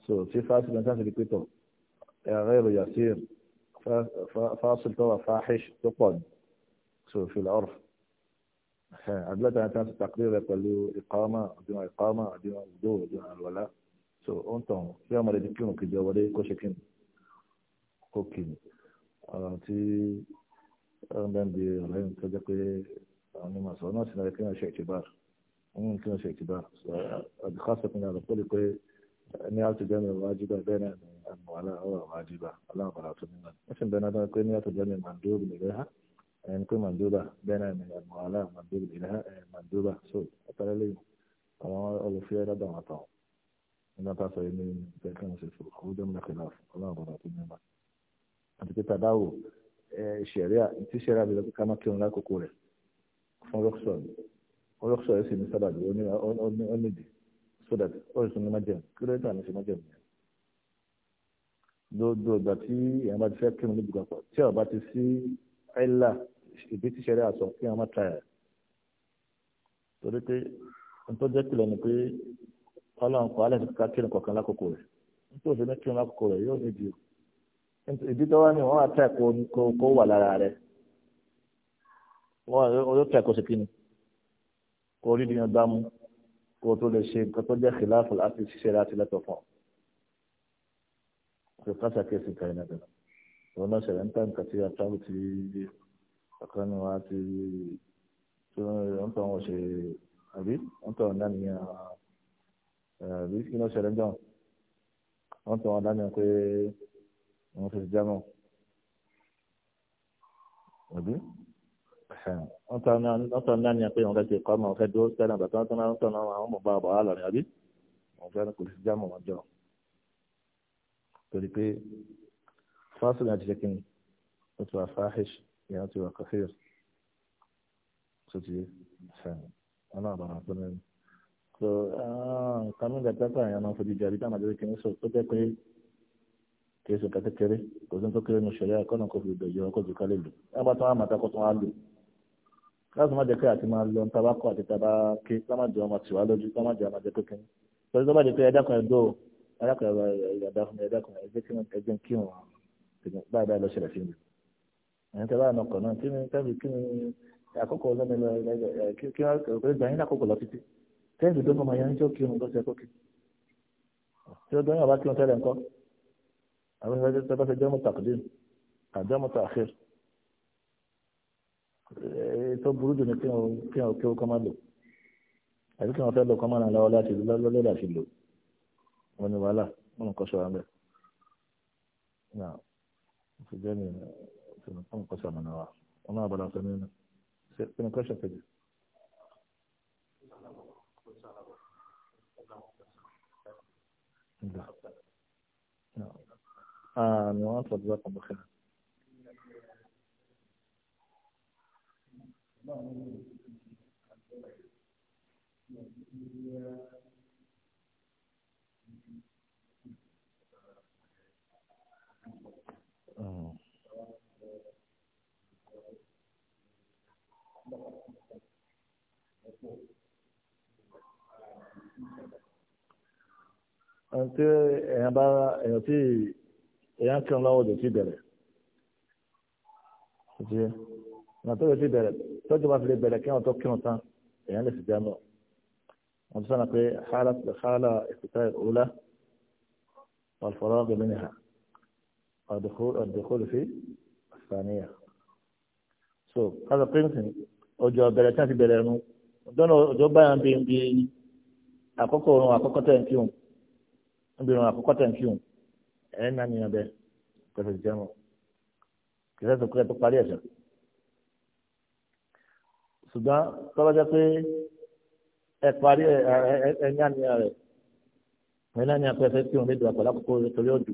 so tí fásitì náà sáà ti pé tọ̀ ẹ̀rọ èrò yasir fásitì tó wà fáhíṣ tó pọ̀ ní so fìlà ọ̀rọ̀ àdúrà tí wọ́n ti pàkírí rẹ̀ pẹ̀lú ìkọ́mà àdìwọ̀n ìkọ́mà àdìwọ̀n ìdó àdìwọ̀n àlùwàlá so ó ń tàn kí ọmọdé ti kírun kejì ọwọ́dé kó ṣe kírun kó kírun ọ̀rọ̀ tí ọ̀rọ̀ ń dá يعني ما صنعت هذا كان شيء اعتبار عموما كان شيء اعتبار خاصة على كل نيابة الجامعة واجبة بين المعلاء واجبة الله براءة منا مثل بين هذا كل نيابة الجامعة مندوب إليها يعني كل مندوبة بين الموالاة مندوب إليها مندوبة سود أتلا لي أما ألو فيها لدى عطاء إن تعصى إني كان في الخروج من الله براءة منا أنت كتابعه الشريعة أنت الشريعة بلقى كما كيون لك fún rọ́ṣọ̀ fún rọ́ṣọ̀ ẹ̀ sì ní sábàbí ó ní ó nídìí so that ó sì ní májẹ̀mú kí ló dé tàn ní sí májẹ̀mú yẹn gbogbo ìgbà tí èèyàn bá ti fẹ́ kírun níbi gbàgbọ́ tí ọba ti sí àìlà ìbí ti ṣẹlẹ̀ àṣọ kí wọ́n má ta ẹ̀ torí pé nítorí jẹ́ kìlọ̀ ni pé ọlọ́run kọ́ alẹ́ ká kírun kọ̀ọ̀kan lákòókò rẹ̀ nítorí òṣèlú kírun lákòókò rẹ̀ yóò níbi o ìdí tó wá ní wọ́n wá tẹ̀ kó wà lára rẹ̀ ọjọ́ tí a kò sí kí ni kò rí ìdíyàn gbámú kó o tó lè ṣe nǹkan tó jẹ́ kìláàfù láti ṣiṣẹ́ láti lẹ́tọ̀ fún ọ. kò kásà kéèsì kan ìrìnàjò òun náà ṣẹlẹ̀ ń nǹkan tí àtàwọn ti ọ̀kan ní wa ti tó ń tọ́ wọn ṣe àbí ń tọ́ wọn náà nìyẹn àbí kí ló ṣẹlẹ̀ jọ ń tọ́ wọn dání pé wọ́n fi jámọ̀ àbí wọ́n tọ́ náà ní pé wọ́n fẹ́ ṣe kọ́ ọmọ fẹ́ dúró sẹ́nà bàtà wọ́n tọ́ náà tọ́ náà àwọn ọmọ bá ọ̀bọ̀ wà lọ́rìn àbí wọ́n fẹ́ kò sí jámọ̀ wọn jọ. torí pé fásitì náà ti ṣe kíni ó ti wà fáhíṣ ìyá ti wà kọfíìr tó ti wọn náà bàrà tó lẹ́nu. so nǹkan mi gbà pẹ́pẹ́ àyàn máa fojú jàrí táwọn àjọyọ̀ kìíní sọ tó jẹ́ pé kì í ṣe kékeré kò sí tó kéré nu ṣẹlẹ̀ akọ́nà kò fi gbẹ̀jọ́ kó ju ká lè lò. ẹ bá tún wá màtá kó tún wá lò láti má jẹ́ pé àti máa lọ níta bá kọ́ àti tàbá ké lámàjọ ọmọ tìwá lójú lámàjọ ọmọ jẹ́ kékeré lọ́jọ́ tó bá jẹ́ pé ẹ̀dá kan ẹ̀dọ́ ẹ̀dá kan ẹ̀dá kan ẹ̀dá kan ẹ̀jẹ̀ kí ẹ̀jẹ̀ kí wọn báyìí báyìí lọ ṣẹlẹ̀ sí mi. ẹ̀yin tẹ́ bá àna ọkọ̀ náà kí ni tẹ́bi kí ni àkókò ọlọ́mi lọ kí wọ́n kọ̀ pé gbàyìn àkókò lọ títí tẹ́bi tó fọmọ yẹn ń jókè òun lọ́sẹ̀ kókè. tí ó dọ́yìn ọba kí wọ́n tẹ́lẹ̀ ńkọ́ àwọn ìfẹ́ tẹ́ bá fẹ́ jẹ́ mọ́tàkùdín àjọ mọ́tàkùdín tó burú jù ní kí wọn kí wọn kí wọn kọ́ máa lò àbí kí wọn fẹ́ lò kọ́ máa ràn lọ́wọ́ láti lọ́lọ́ láti lò wọn ni wàhálà wọn kọ́ sọ wọn bẹ́ẹ̀. náà fi jẹ́ ní ìṣẹ̀lẹ̀ wọn kọ́ sọ àmọ́ náà wà wọn náà bọ̀dọ̀ sọ nínú ṣe kí ni kọ́ṣọ̀ kejì. آمين وأنت جزاكم بخير àti èèyàn bá èèyàn tí èèyàn kírun lọ́wọ́ òdò tí bẹ̀rẹ̀ ọ̀nà tó yẹ sí bẹ̀rẹ̀ tọ́jú bá fi lè bẹ̀rẹ̀ kí wọ́n tó kírun tán èèyàn lè sì jẹ́ mọ́ wọ́n ti sọ́nà pé xaala ìfìtá ìrúlá والفراغ منها الدخول الدخول في الثانية so هذا قيمة ọjọ́ bẹ̀rẹ̀ tí a ti bẹ̀rẹ̀ nu dọ́nà ọjọ́ báyà ń bi ń bi àkọ́kọ́ òun àkọ́kọ́ tẹ̀ ń kí òun ń bi òun àkọ́kọ́ tẹ̀ ń kí òun ẹ̀ ń nàníyàn bẹ́ẹ̀ pẹ̀lú ìjẹun kìí sẹ́sọ̀ kúrẹ́ tó parí ẹ̀sẹ̀ ṣùgbọ́n tọ́lá jẹ́ pé ẹ parí ẹ ẹ ẹ ní àníyàn rẹ̀ ẹ ní àníyàn pé ẹ fẹ́ kí òun lè dùn àpàlà àkókò torí òjò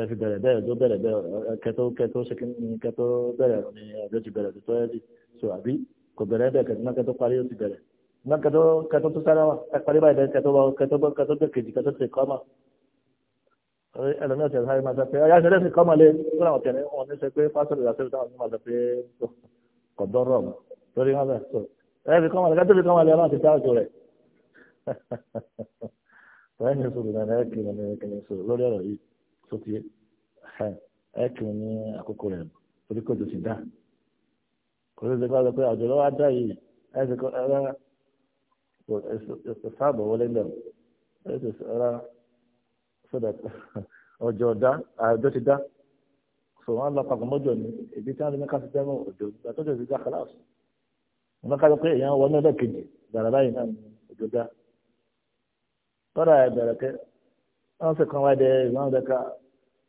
ẹ fi bẹ̀rẹ̀ bẹ́ẹ̀ tó bẹ̀rẹ̀ bẹ́ẹ̀ kẹtó kẹtó ṣe kíni kẹtó bẹ̀rẹ̀ ni ọ̀dọ́ ti bẹ̀rẹ̀ tó ẹ̀ di so àbí kò bẹ̀rẹ̀ bẹ́ẹ̀ kẹtó náà kẹtó parí ó ti bẹ̀rẹ̀ náà kẹtó kẹtó tó sára wa ẹ parí báyìí bẹ́ẹ̀ kẹtó kẹtó kẹtó bẹ́ẹ̀ kejì kẹtó ti kọ́ ma ẹlòmíràn ti ẹ̀ sáré máa sọ pé ọ̀yá ṣẹlẹ̀ ti kọ́ ma lé kó làwọn ni wọn ní sẹ pé pásítọ̀ kò dọ́rọ̀ mu torí wọn bẹ̀ tó ẹ̀rí kọ́ wọn lẹ́ka tóbi kọ́ wọn lẹ́ka wọn ti dá òjò rẹ̀ tọ́yẹ́ ní sọ̀rọ̀ náà ẹ̀ kìlọ̀ ní ẹ̀kìlọ̀ sọ̀rọ̀ lórí ọ̀rọ̀ yìí tó ti ẹ̀ kìlọ̀ ní àkókò rẹ̀ torí kò tó ti dá kò tó ti kọ́ lọ pé àjọ lọ́wọ́ á dá yìí ẹ̀ ti kọ́ ẹ̀rá sáàbọ̀ wọlé ń bẹ̀rù ẹ̀ ti ẹ̀rá sọ̀dọ̀ ọjọ́ ti dá so wọn lọ papọ̀ mọ́jọ ni èdè tí wọn lè mẹ́ka sí tẹ́wọ̀n òjò ìgbà tó jẹ́ ìgbà kàláàsì wọn mẹ́ka lọ pé èèyàn wọnú ọdọ kejì bàrà báyìí náà òjò dá tọ́ra ẹ̀ bẹ̀rẹ̀ kẹ́ wọn sì kàn wáyé dé ìwọ̀n ọdẹ ká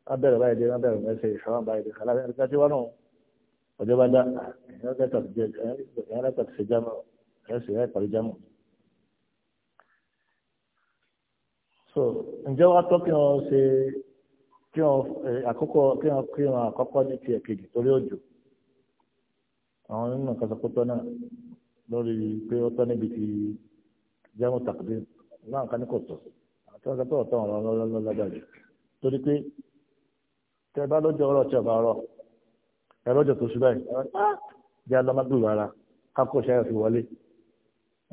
wọn bẹ̀rẹ̀ báyìí dé wọn bẹ̀rẹ̀ mẹ́sẹ̀ ìṣọ̀wọ́n báyìí dé kàláàsì ẹ̀ka tí wọn nù ọjọ́ bá dá èèyàn lẹ́tà ti ṣe jámọ̀ ẹ̀sìn ẹ̀ pàdé jámọ̀ so ǹjẹ́ wàá tọ́kì wọn ṣe kí wọn àkókò kí wọn kí wọn àkọ́kọ́ ní tiẹ̀ kejì torí òjò àwọn onímọ̀ kan sọ pé tọ́ náà lórí pé ó tọ́ níbi ti jẹ́mu tàkùdé náà kan ní kò tọ̀ àti wọn sọ pé ọ̀tọ̀ ọ̀rọ̀ lọ́lọ́lọ́lọ́dàjù torí pé tẹ bá lọ́jọ́ ọ̀rọ̀ tí ọba ọ̀rọ̀ ẹ lọ́jọ́ tó ṣubá yìí jẹ́ alọ́mọdúró ara kákó ṣáyà fi wọlé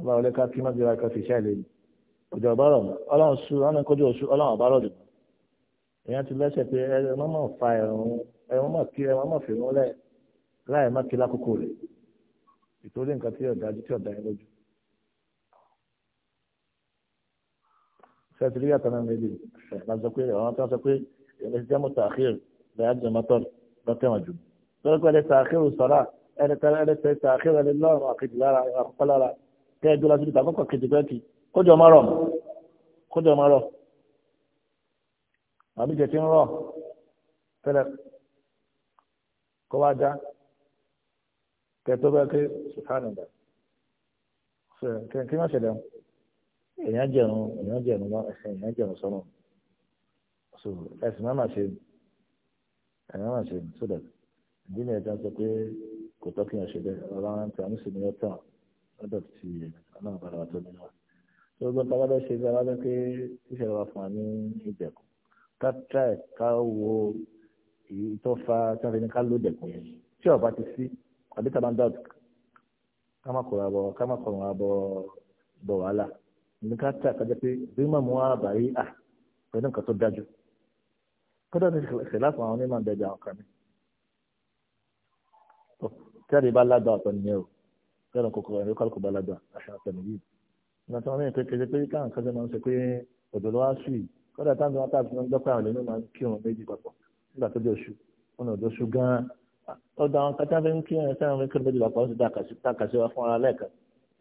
ọba wọlé ká kí mọ́gbéra ká fi ṣáyà lé ọjọ́ ọba ọ̀rọ̀ ọlọ́run ṣu ọlọ́run kọjú ọ̀ṣu ọlọ́run ọba ọ̀rọ̀ dùn èèyàn ti lẹ́sẹ̀ pé ẹ má má fa ẹ̀rùn ẹ má má kí ẹ má má fi rún lẹ̀ láì má kí lákòókò rẹ̀ ìtòrí nǹkan tí ọ̀dà ju tí ọ̀dà yẹn lójú. sẹ́ẹ̀tì ríyàtọ̀ náà méjì ẹ̀ máa sọ pé àwọn tí wọ́n sọ pé èmi ti jẹ́mú tààkìr bẹ́ẹ̀ jẹ́ mọ́tọ́ lọ́tẹ̀wọ̀n jù. lọ́dọ̀ pé ẹni tààkìr sọ̀rọ̀ ẹni tààkìr ẹni tààkìr ẹni lọ́rùn àkejì lára àkọ́kọ́ lára kẹ́ẹ̀dúrà síbi tàbí kọ̀kejì bẹ́ẹ̀ kójọ́ mọ́rọ̀ kójọ́ mọ́rọ̀ àbí jẹ ti ń rọ tẹ́lẹ̀ kó wá já kẹtọ bá ké sùkánìdà kí má ṣẹlẹ̀ èèyàn jẹun èèyàn jẹun lọ ẹsẹ èèyàn jẹun sọnù so ẹsìn má má ṣe èèyàn má ṣe so ìdí ni ẹja sọ pé kò tọ́ kí n ṣe bẹ́ẹ̀ ọlọ́run tí a ní sinmi ọ̀tọ̀ ti ọlọ́run padà wà tó nínú wa so gbọ́n tá a bá bẹ́ ṣe tá a bá bẹ́ pé tíṣẹ̀ wà fún wa ní ìjẹ̀kù ká try ká wo ìtọ́fà tí wọ́n fi ní ká ló dẹ̀kun yẹn tí ọba ti sí àbí tá a bá ń dáàbò ká má kọ̀ra bọ̀ ká má kọ̀ra bọ̀ bọ̀ wàhálà ní ká try ká jẹ́ pé bí mọ̀ mú àbá yìí à pẹ̀lú nǹkan tó dájú kódà ní ìṣẹ̀lá fún àwọn onímọ̀ ìdẹ́jà ọ̀kan mi tẹ́lẹ̀ bá ládàá ọ̀tọ̀ nìyẹn o tẹ́lẹ̀ kòkò ẹ̀rọ kálukú bá ládàá àṣà ọ̀tọ̀ nìyí. ìgbà tí wọ́n mẹ́rin pé kéde pé káwọn kan ṣe máa ń ṣe pé ọ̀dọ̀ lọ́wọ́ á sùn kódà táwọn wọn tàbí wọn dọ́pẹ́ àwọn lẹ́nu máa ń kírun méjì papọ̀ nígbà tó dé oṣù wọn ò dóṣù gan-an ọ̀dọ̀ àwọn kátà fi ń kírun ẹ̀sẹ̀ àwọn fi ń kírun méjì papọ̀ ó sì tàkàṣe wa fún ara lẹ́ẹ̀kan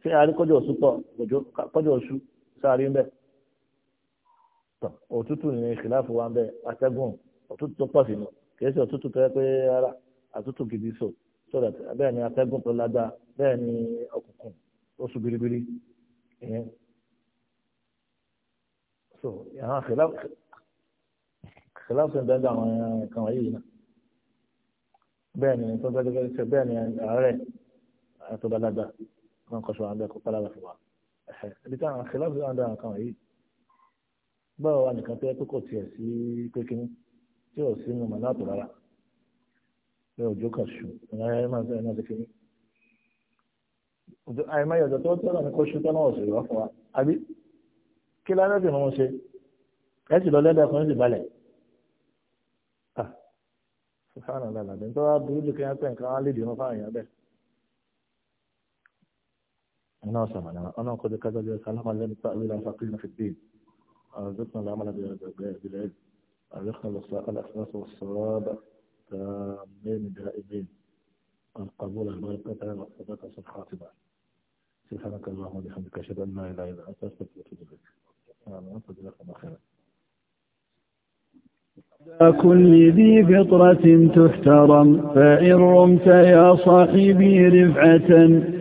ṣé a rí kọjú oṣù pọ̀ kọjú oṣù sáré ń bẹ̀ tọ̀ òtútù ní ìṣìláàfù wa ń bẹ̀ atẹ́gùn òtútù tó pọ̀ sínú kìí ṣe òtútù tó yẹ pé ara àtútù gidi so so that bẹ́ẹ̀ ni atẹ́gùn tó lágbá bẹ́ẹ̀ ni òkùnkùn oṣù biribiri so àwọn xilaf xilaf sọ bẹ́ẹ̀ àwọn kan yìí náà bẹ́ẹ̀ ni tó bẹ́ẹ̀ bẹ́ẹ̀ bẹ́ẹ̀ ni ààrẹ àtọ́balagba kan kọ́ṣọ́ àwọn bẹ́ẹ̀ kó palaba wa ẹ̀hẹ́ ibi táwọn xilaf sọ àwọn kan wáyé báwo wà nìkan tẹ́ kókò tiẹ̀ sí kékeré tí ò sí mu mọ̀nà àtọ̀ rárá òjò kan ṣù ẹ̀ máa ń sẹ́yìn náà kékeré àìmọye ọ̀dọ̀ tó tẹ́lọ̀ kí lánàá bí wọn ṣe ẹ sì lọ lẹ́dọ̀ ọkùnrin sì balẹ̀ ah sùfàànà lànà bí n tọ́ wá burú jù kí wọ́n pẹ̀ nǹkan wá lè dì wọn fáwọn èèyàn bẹ́ẹ̀. أنا سمعنا أنا قد كذا سلام على التأويل فقينا في الدين رزقنا العمل بالعلم رزقنا الإخلاص والصواب تامين دائمين القبول البركة والصدقة الخاتمة سبحانك اللهم وبحمدك أشهد أن لا إله إلا أنت أستغفرك وأتوب إليك كل ذي فطرة تحترم فإن رمت يا صاحبي رفعة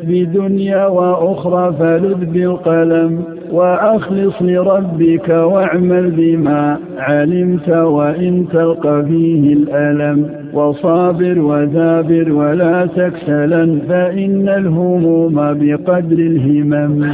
بدنيا وأخرى فلذ بالقلم وأخلص لربك واعمل بما علمت وإن تلقى فيه الألم وصابر وذابر ولا تكسلا فإن الهموم بقدر الهمم